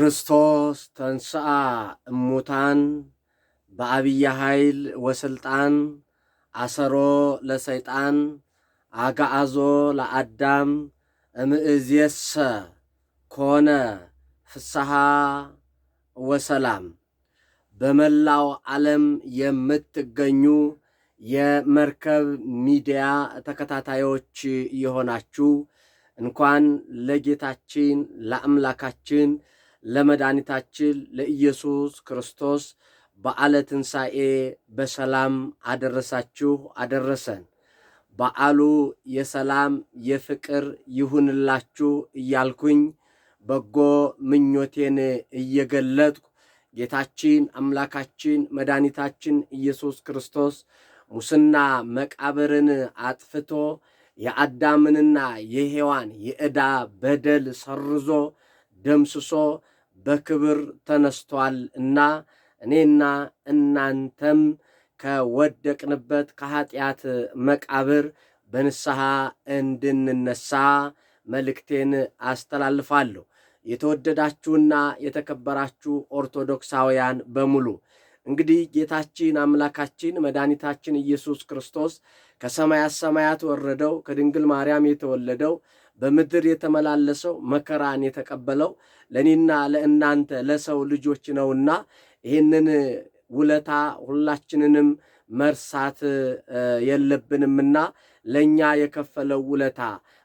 ክርስቶስ ተንሥአ እሙታን በአብይ ኃይል ወስልጣን አሰሮ ለሰይጣን አጋአዞ ለአዳም እምእዝየሰ ኮነ ፍስሓ ወሰላም። በመላው ዓለም የምትገኙ የመርከብ ሚዲያ ተከታታዮች የሆናችሁ እንኳን ለጌታችን ለአምላካችን ለመድኃኒታችን ለኢየሱስ ክርስቶስ በዓለ ትንሣኤ በሰላም አደረሳችሁ አደረሰን። በዓሉ የሰላም የፍቅር ይሁንላችሁ እያልኩኝ በጎ ምኞቴን እየገለጥኩ ጌታችን አምላካችን መድኃኒታችን ኢየሱስ ክርስቶስ ሙስና መቃብርን አጥፍቶ የአዳምንና የሔዋን የዕዳ በደል ሰርዞ ደምስሶ በክብር ተነስቷል እና እኔና እናንተም ከወደቅንበት ከኃጢአት መቃብር በንስሐ እንድንነሳ መልእክቴን አስተላልፋለሁ። የተወደዳችሁና የተከበራችሁ ኦርቶዶክሳውያን በሙሉ እንግዲህ ጌታችን አምላካችን መድኃኒታችን ኢየሱስ ክርስቶስ ከሰማያት ሰማያት ወረደው ከድንግል ማርያም የተወለደው በምድር የተመላለሰው መከራን የተቀበለው ለእኔና ለእናንተ ለሰው ልጆች ነውና ይህንን ውለታ ሁላችንንም መርሳት የለብንምና ለእኛ የከፈለው ውለታ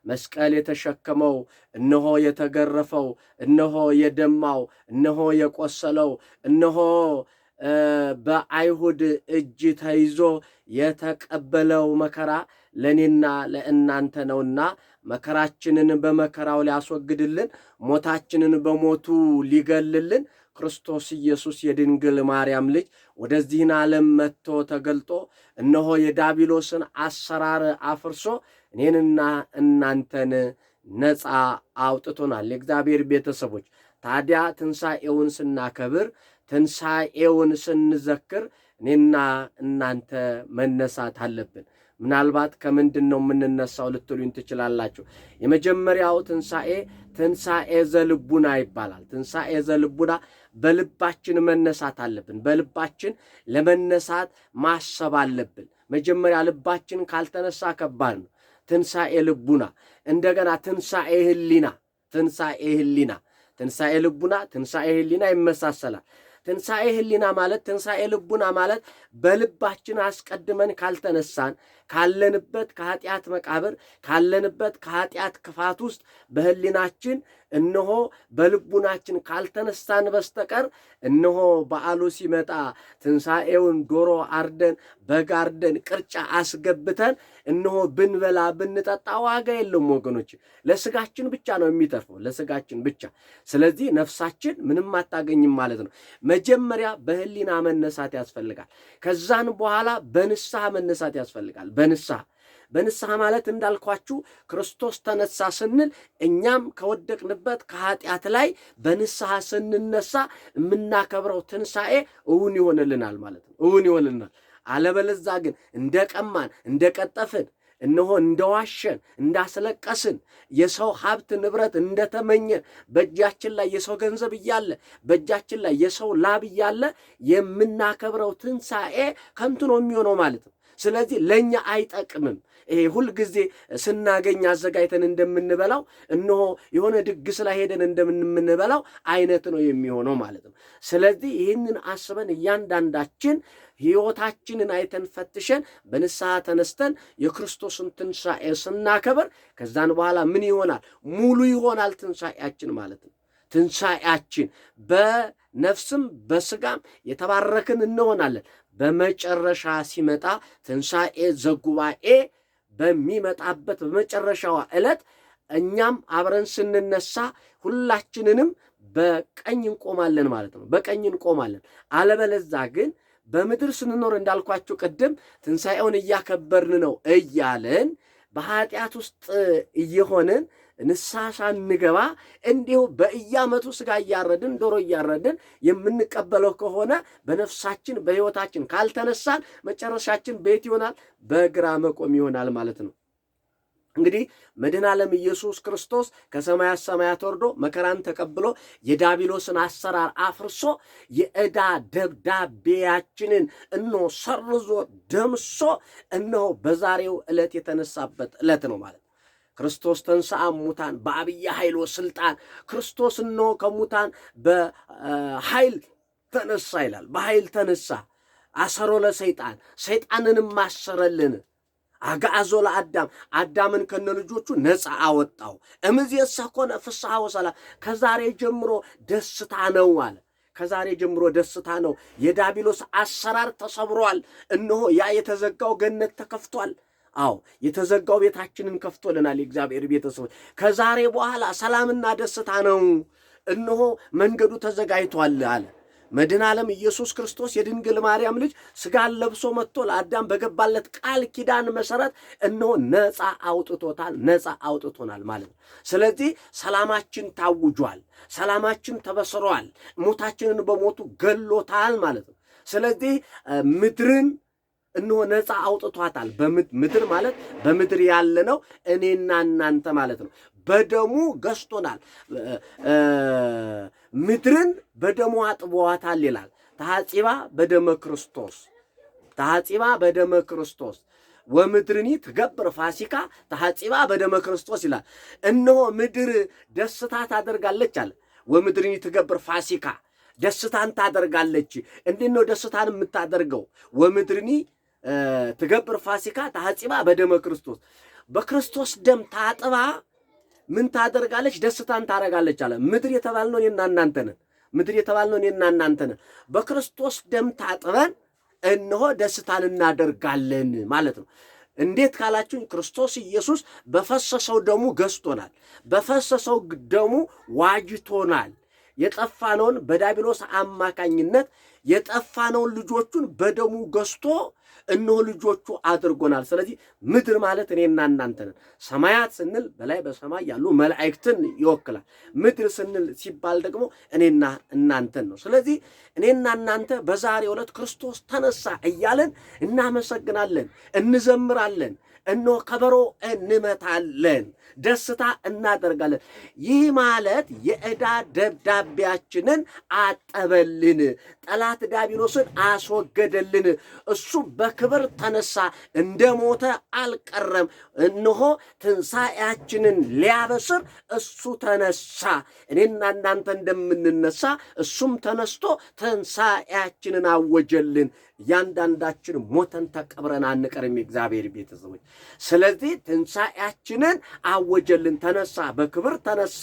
መስቀል የተሸከመው እነሆ የተገረፈው እነሆ የደማው እነሆ የቆሰለው እነሆ በአይሁድ እጅ ተይዞ የተቀበለው መከራ ለእኔና ለእናንተ ነውና መከራችንን በመከራው ሊያስወግድልን፣ ሞታችንን በሞቱ ሊገልልን ክርስቶስ ኢየሱስ የድንግል ማርያም ልጅ ወደዚህን ዓለም መጥቶ ተገልጦ እነሆ የዳቢሎስን አሰራር አፍርሶ እኔንና እናንተን ነፃ አውጥቶናል። የእግዚአብሔር ቤተሰቦች ታዲያ ትንሣኤውን ስናከብር፣ ትንሣኤውን ስንዘክር እኔና እናንተ መነሳት አለብን። ምናልባት ከምንድን ነው የምንነሳው ልትሉኝ ትችላላችሁ። የመጀመሪያው ትንሣኤ ትንሣኤ ዘልቡና ይባላል። ትንሣኤ ዘልቡና በልባችን መነሳት አለብን። በልባችን ለመነሳት ማሰብ አለብን። መጀመሪያ ልባችን ካልተነሳ ከባድ ነው። ትንሣኤ ልቡና፣ እንደገና ትንሣኤ ህሊና፣ ትንሣኤ ህሊና፣ ትንሣኤ ልቡና፣ ትንሣኤ ህሊና ይመሳሰላል። ትንሣኤ ህሊና ማለት ትንሣኤ ልቡና ማለት በልባችን አስቀድመን ካልተነሳን ካለንበት ከኃጢአት መቃብር ካለንበት ከኃጢአት ክፋት ውስጥ በህሊናችን እነሆ በልቡናችን ካልተነሳን በስተቀር እነሆ በዓሉ ሲመጣ ትንሣኤውን ዶሮ አርደን በግ አርደን ቅርጫ አስገብተን እነሆ ብንበላ ብንጠጣ ዋጋ የለውም ወገኖች፣ ለስጋችን ብቻ ነው የሚተርፈው፣ ለስጋችን ብቻ። ስለዚህ ነፍሳችን ምንም አታገኝም ማለት ነው። መጀመሪያ በህሊና መነሳት ያስፈልጋል። ከዛን በኋላ በንስሐ መነሳት ያስፈልጋል። በንስሐ በንስሐ ማለት እንዳልኳችሁ ክርስቶስ ተነሳ ስንል እኛም ከወደቅንበት ከኃጢአት ላይ በንስሐ ስንነሳ የምናከብረው ትንሣኤ እውን ይሆንልናል ማለት ነው። እውን ይሆንልናል። አለበለዛ ግን እንደቀማን እንደቀጠፍን እነሆ እንደዋሸን እንዳስለቀስን የሰው ሀብት ንብረት እንደተመኘን በእጃችን ላይ የሰው ገንዘብ እያለ በእጃችን ላይ የሰው ላብ እያለ የምናከብረው ትንሣኤ ከንቱ ነው የሚሆነው ማለት ነው። ስለዚህ ለእኛ አይጠቅምም። ይሄ ሁልጊዜ ስናገኝ አዘጋጅተን እንደምንበላው እነሆ የሆነ ድግስ ላይ ሄደን እንደምንበላው አይነት ነው የሚሆነው ማለት ነው። ስለዚህ ይህንን አስበን እያንዳንዳችን ሕይወታችንን አይተን ፈትሸን በንስሐ ተነስተን የክርስቶስን ትንሣኤ ስናከበር ከዛን በኋላ ምን ይሆናል? ሙሉ ይሆናል ትንሣኤያችን ማለት ነው። ትንሣኤያችን በነፍስም በስጋም የተባረክን እንሆናለን። በመጨረሻ ሲመጣ ትንሣኤ ዘጉባኤ በሚመጣበት በመጨረሻዋ ዕለት እኛም አብረን ስንነሳ ሁላችንንም በቀኝ እንቆማለን ማለት ነው። በቀኝ እንቆማለን። አለበለዛ ግን በምድር ስንኖር እንዳልኳችሁ ቅድም ትንሣኤውን እያከበርን ነው እያለን በኃጢአት ውስጥ እየሆንን ንስሐ ሳንገባ እንዲሁ በእያመቱ ስጋ እያረድን ዶሮ እያረድን የምንቀበለው ከሆነ በነፍሳችን በሕይወታችን ካልተነሳን መጨረሻችን ቤት ይሆናል፣ በግራ መቆም ይሆናል ማለት ነው። እንግዲህ መድን ዓለም ኢየሱስ ክርስቶስ ከሰማያት ሰማያት ወርዶ መከራን ተቀብሎ የዳቢሎስን አሰራር አፍርሶ የዕዳ ደብዳቤያችንን እነሆ ሰርዞ ደምሶ እነሆ በዛሬው ዕለት የተነሳበት ዕለት ነው ማለት ነው። ክርስቶስ ተንሥአ እሙታን በአብይ ኃይል ስልጣን ክርስቶስ እነሆ ከሙታን በኃይል ተነሳ ይላል። በኃይል ተነሳ አሰሮ ለሰይጣን ሰይጣንንም አሰረልን። አጋዞ ለአዳም አዳምን ልጆቹ ነፃ አወጣው። እምዝየሰ የሰኮነ ፍስሐ ወሰላም ከዛሬ ጀምሮ ደስታ ነው አለ። ከዛሬ ጀምሮ ደስታ ነው። የዳቢሎስ አሰራር ተሰብሯል። እነሆ ያ የተዘጋው ገነት ተከፍቷል። አዎ የተዘጋው ቤታችንን ከፍቶልናል። የእግዚአብሔር ቤተሰቦች ከዛሬ በኋላ ሰላምና ደስታ ነው። እነሆ መንገዱ ተዘጋጅቷል አለ። መድን ዓለም ኢየሱስ ክርስቶስ የድንግል ማርያም ልጅ ስጋን ለብሶ መጥቶ ለአዳም በገባለት ቃል ኪዳን መሰረት እነሆ ነፃ አውጥቶታል፣ ነፃ አውጥቶናል ማለት ነው። ስለዚህ ሰላማችን ታውጇል፣ ሰላማችን ተበስሯል፣ ሞታችንን በሞቱ ገሎታል ማለት ነው። ስለዚህ ምድርን እነሆ ነፃ አውጥቷታል። ምድር ማለት በምድር ያለነው እኔና እናንተ ማለት ነው። በደሙ ገዝቶናል። ምድርን በደሙ አጥቧታል ይላል። ታሐጺባ በደመ ክርስቶስ ታሐጺባ በደመ ክርስቶስ ወምድርኒ ትገብር ፋሲካ ታሐጺባ በደመ ክርስቶስ ይላል። እነሆ ምድር ደስታ ታደርጋለች አለ። ወምድርኒ ትገብር ፋሲካ ደስታን ታደርጋለች። እንዴት ነው ደስታን የምታደርገው? ወምድርኒ ትገብር ፋሲካ ታሐፂባ በደመ ክርስቶስ በክርስቶስ ደም ታጥባ ምን ታደርጋለች? ደስታን ታረጋለች አለ። ምድር የተባልነው እኔና እናንተ ነን። ምድር የተባልነው እኔና እናንተ ነን። በክርስቶስ ደም ታጥበን እነሆ ደስታን እናደርጋለን ማለት ነው። እንዴት ካላችሁኝ ክርስቶስ ኢየሱስ በፈሰሰው ደሙ ገዝቶናል። በፈሰሰው ደሙ ዋጅቶናል። የጠፋነውን በዳቢሎስ አማካኝነት የጠፋነውን ልጆቹን በደሙ ገዝቶ እነሆ ልጆቹ አድርጎናል። ስለዚህ ምድር ማለት እኔና እናንተ ነን። ሰማያት ስንል በላይ በሰማይ ያሉ መላእክትን ይወክላል። ምድር ስንል ሲባል ደግሞ እኔና እናንተን ነው። ስለዚህ እኔና እናንተ በዛሬ ዕለት ክርስቶስ ተነሳ እያለን እናመሰግናለን፣ እንዘምራለን። እነሆ ከበሮ እንመታለን፣ ደስታ እናደርጋለን። ይህ ማለት የዕዳ ደብዳቤያችንን አጠበልን፣ ጠላት ዲያብሎስን አስወገደልን። እሱ በክብር ተነሳ፣ እንደ ሞተ አልቀረም። እነሆ ትንሣኤያችንን ሊያበስር እሱ ተነሳ። እኔና እናንተ እንደምንነሳ እሱም ተነስቶ ትንሣኤያችንን አወጀልን። እያንዳንዳችን ሞተን ተቀብረን አንቀርም። የእግዚአብሔር ቤተሰቦች ስለዚህ ትንሣኤያችንን አወጀልን። ተነሳ፣ በክብር ተነሳ።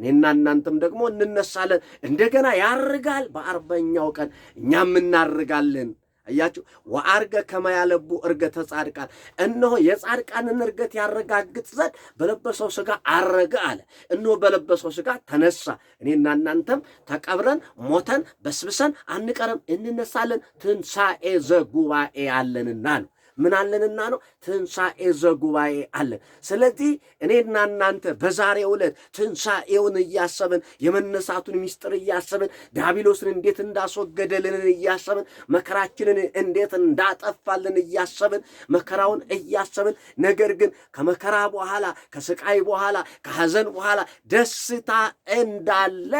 እኔና እናንተም ደግሞ እንነሳለን። እንደገና ያርጋል። በአርበኛው ቀን እኛም እናርጋለን። እያችሁ ወአርገ ከመያለቡ እርገተ ጻድቃን፣ እነሆ የጻድቃንን እርገት ያረጋግጥ ዘንድ በለበሰው ስጋ አረገ አለ። እነሆ በለበሰው ስጋ ተነሳ። እኔና እናንተም ተቀብረን ሞተን በስብሰን አንቀርም፣ እንነሳለን። ትንሣኤ ዘጉባኤ አለንና ነው። ምን አለንና ነው ትንሣኤ ዘጉባኤ አለን። ስለዚህ እኔና እናንተ በዛሬ ዕለት ትንሣኤውን እያሰብን የመነሳቱን ሚስጥር እያሰብን ዲያብሎስን እንዴት እንዳስወገደልን እያሰብን መከራችንን እንዴት እንዳጠፋልን እያሰብን መከራውን እያሰብን ነገር ግን ከመከራ በኋላ ከስቃይ በኋላ ከሐዘን በኋላ ደስታ እንዳለ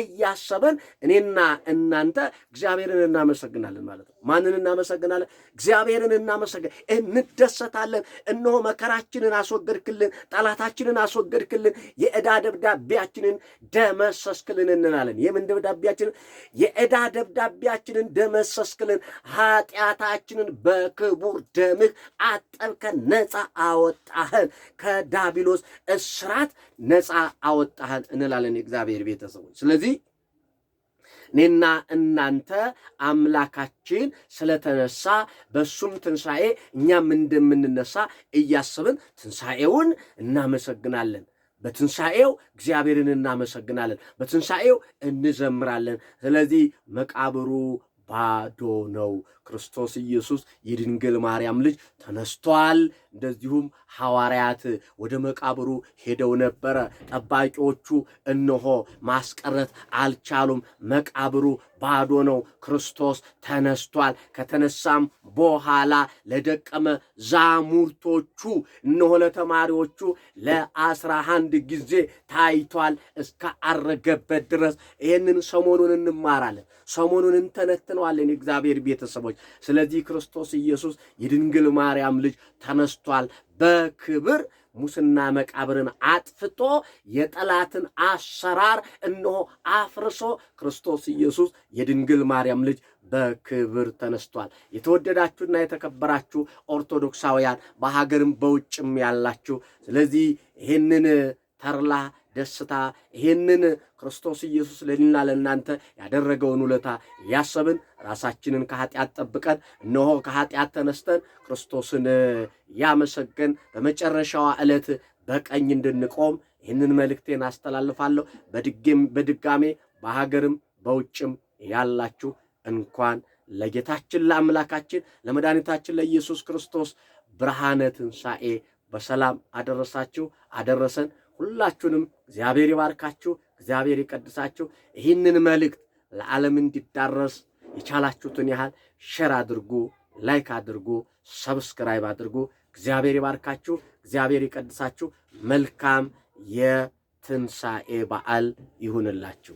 እያሰብን እኔና እናንተ እግዚአብሔርን እናመሰግናለን ማለት ነው። ማንን እናመሰግናለን? እግዚአብሔርን እናመሰግ አደረገ። እንደሰታለን። እነሆ መከራችንን አስወገድክልን፣ ጠላታችንን አስወገድክልን፣ የዕዳ ደብዳቤያችንን ደመሰስክልን እንላለን። የምን ደብዳቤያችንን? የዕዳ ደብዳቤያችንን ደመሰስክልን፣ ኃጢአታችንን በክቡር ደምህ አጠብከን፣ ነፃ አወጣህን፣ ከዳቢሎስ እስራት ነፃ አወጣህን እንላለን። የእግዚአብሔር ቤተሰቦች ስለዚህ እኔና እናንተ አምላካችን ስለተነሳ በሱም ትንሣኤ እኛም እንደምንነሳ እያስብን ትንሣኤውን እናመሰግናለን። በትንሣኤው እግዚአብሔርን እናመሰግናለን። በትንሣኤው እንዘምራለን። ስለዚህ መቃብሩ ባዶ ነው። ክርስቶስ ኢየሱስ የድንግል ማርያም ልጅ ተነስቷል። እንደዚሁም ሐዋርያት ወደ መቃብሩ ሄደው ነበረ። ጠባቂዎቹ እነሆ ማስቀረት አልቻሉም። መቃብሩ ባዶ ነው፣ ክርስቶስ ተነስቷል። ከተነሳም በኋላ ለደቀ መዛሙርቶቹ እነሆ ለተማሪዎቹ ለአስራ አንድ ጊዜ ታይቷል እስከ አረገበት ድረስ። ይህንን ሰሞኑን እንማራለን፣ ሰሞኑን እንተነተ እናመሰግነዋለን የእግዚአብሔር ቤተሰቦች። ስለዚህ ክርስቶስ ኢየሱስ የድንግል ማርያም ልጅ ተነስቷል በክብር ሙስና መቃብርን አጥፍቶ የጠላትን አሰራር እነሆ አፍርሶ ክርስቶስ ኢየሱስ የድንግል ማርያም ልጅ በክብር ተነስቷል። የተወደዳችሁና የተከበራችሁ ኦርቶዶክሳውያን በሀገርም በውጭም ያላችሁ ስለዚህ ይህንን ተርላ ደስታ ይህንን ክርስቶስ ኢየሱስ ለእኔና ለእናንተ ያደረገውን ውለታ እያሰብን ራሳችንን ከኃጢአት ጠብቀን እነሆ ከኃጢአት ተነስተን ክርስቶስን እያመሰገን በመጨረሻዋ ዕለት በቀኝ እንድንቆም ይህንን መልእክቴን አስተላልፋለሁ። በድጋሜ በሀገርም በውጭም ያላችሁ እንኳን ለጌታችን ለአምላካችን ለመድኃኒታችን ለኢየሱስ ክርስቶስ ብርሃነ ትንሣኤ በሰላም አደረሳችሁ አደረሰን። ሁላችሁንም እግዚአብሔር ይባርካችሁ፣ እግዚአብሔር ይቀድሳችሁ። ይህንን መልእክት ለዓለም እንዲዳረስ የቻላችሁትን ያህል ሸር አድርጉ፣ ላይክ አድርጉ፣ ሰብስክራይብ አድርጉ። እግዚአብሔር ይባርካችሁ፣ እግዚአብሔር ይቀድሳችሁ። መልካም የትንሣኤ በዓል ይሁንላችሁ።